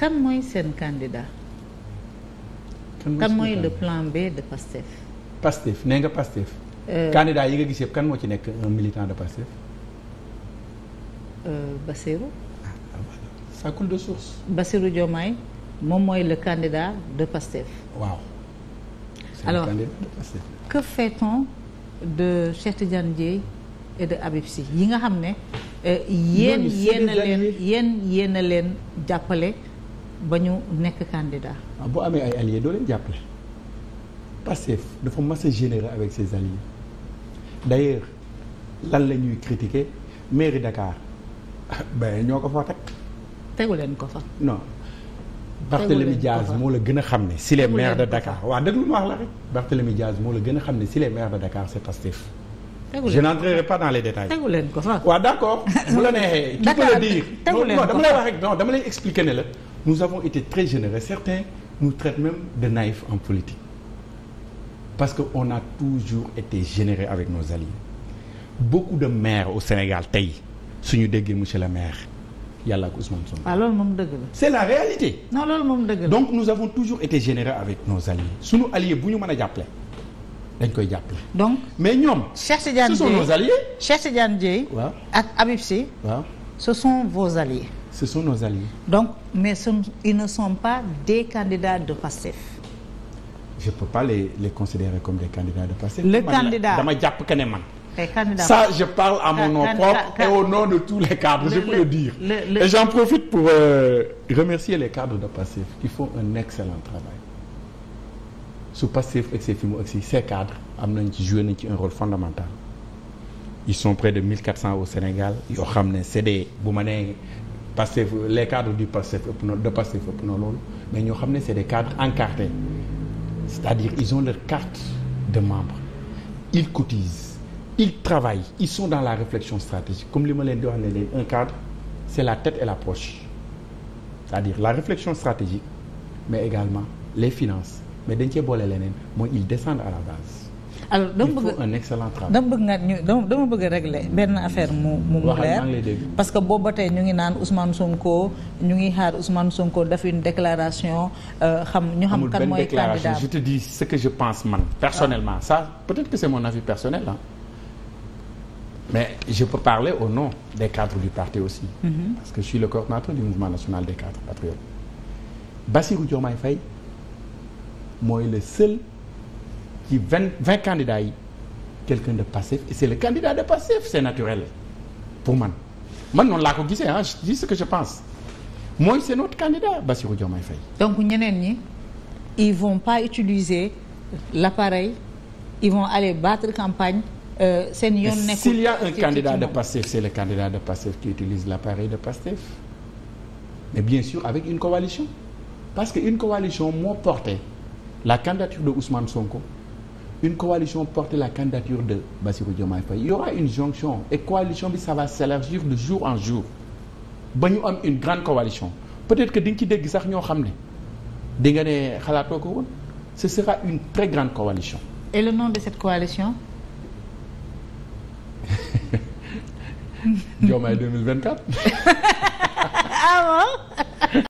kan mooy seen candidat. kan mooy le plan B de Pastef. Pastef nee nga Pastef. Euh, candidat yi nga gis yëpp kan moo ci nekk un militant de Pastef. Euh, Bassirou. Ah, ah, ça coule de source. Bassirou Diomaye moom mooy le candidat de Pastef. waaw. alors que fait de Cheikh Tidiane et de Habib Sy yi nga xam ne. Euh, yéen yéen leen yéen yéen leen jàppale. ba ñu nekk candidat. waaw ah, boo amee ay alliés doo leen jàppale Pastef dafa mas a généré avec ses alliés d'ailleurs lan la ñuy critiquer mairie Dakar ben ñoo ko fa teg. tegu leen ko fa. non Barthélemy Diaz moo la gën a xam ne si les maires de Dakar waaw déglu ma wax la rek. Barthélemy Diaz moo la gën a xam ne si les maires de Dakar c'est Pastef. je n'entrerai pas dans les détails. tegu leen ko fa waaw d'accord. bu la neexee. Dakar tegu ko fa tu peux le dire non dama lay expliquer ne la. nous avons été très généreux certains nous traitent même de naïfs en politique parce que on a toujours été généreux avec nos alliés beaucoup de maires au Sénégal tey suñu déggee monsieur le maire yàlla ak Ousmane Sonko. waaw ah, loolu moom dëgg la. c'est la réalité. non loolu moom dëgg donc nous avons toujours été généreux avec nos alliés suñu alliés bu ñu mën a jàppale dañ koy jàppale. donc mais ñoom. Cheikh Tidiane Dièye ce sont nos alliés. Cheikh ak Habib Sy. ce sont vos alliés. ce sont nos alliés. donc mais ce ils ne sont pas des candidats de Pastef. je peux pas les les considérer comme des candidats de Pastef. le candidat dama jàpp que ne man. ça je parle à mon nom propre et au nom de tous les cadres le, je peux le, le dire le, et j'en profite pour euh, remercier les cadres de Pastef qui font un excellent travail su Pastef ak ses films ak ses cadres am nañ ci joué nañ ci un rôle fondamental ils sont près de 1400 au Sénégal yoo xam ne c'est des bu ma nee Pastef les cadres du Pastef ëpp na de Pastef ëpp na loolu mais ñoo xam ne c'est des en encartés c'est-à-dire ils ont leur carte de membres ils cotisent ils travaillent ils sont dans la réflexion stratégique comme li ma leen di wax ne leen un cadre c'est la tête et la poche c'est-à-dire la réflexion stratégique mais également les finances mais dañ cee boole leneen mooy ils descendent à la base alors dama bëgg un excellent travail bëgg nga ñu dama dama bëgg a régler benn affaire mu mu leer parce que boobu ba tey ñu ngi naan Ousmane Sonko ñu ngi xaar Ousmane Sonko def une déclaration euh, xam ñu xam kan mooy candidat je te dis ce je pense man personnellement ah. ça peut-être que mais je peux parler au nom des cadres du parti aussi mm -hmm. parce que je suis le coordonnateur du mouvement national des cadres patriotes Bassirou Diomaye Faye mooy le seul ci vingt vingt candidats yi quelqu'un de Pastef et c'est le candidat de Pastef c'est naturel pour man man noonu laa ko gisee ah je dis ce que je pense mooy c'est notre candidat Bassirou Diomaye Faye. donc ñeneen ñi ils vont pas utiliser l'appareil ils vont aller battre campagne. Euh, seen yoon nekkul s'il y a un candidat de Pastef c'est le candidat de Pastef qui utilise l'appareil de Pastef mais bien sûr avec une coalition parce que une coalition moo porté la candidature de Ousmane Sonko. une coalition porte la candidature de Bassirou Diomaye Faye il y une jonction et coalition bi ça va s'élargir de jour en jour ba ñu am une grande coalition peut-être que di nga ci dégg sax ñoo xam ne di nga ne xalaatoo ko woon ce sera une très grande coalition. et le nom de cette coalition. Diomaye 2024.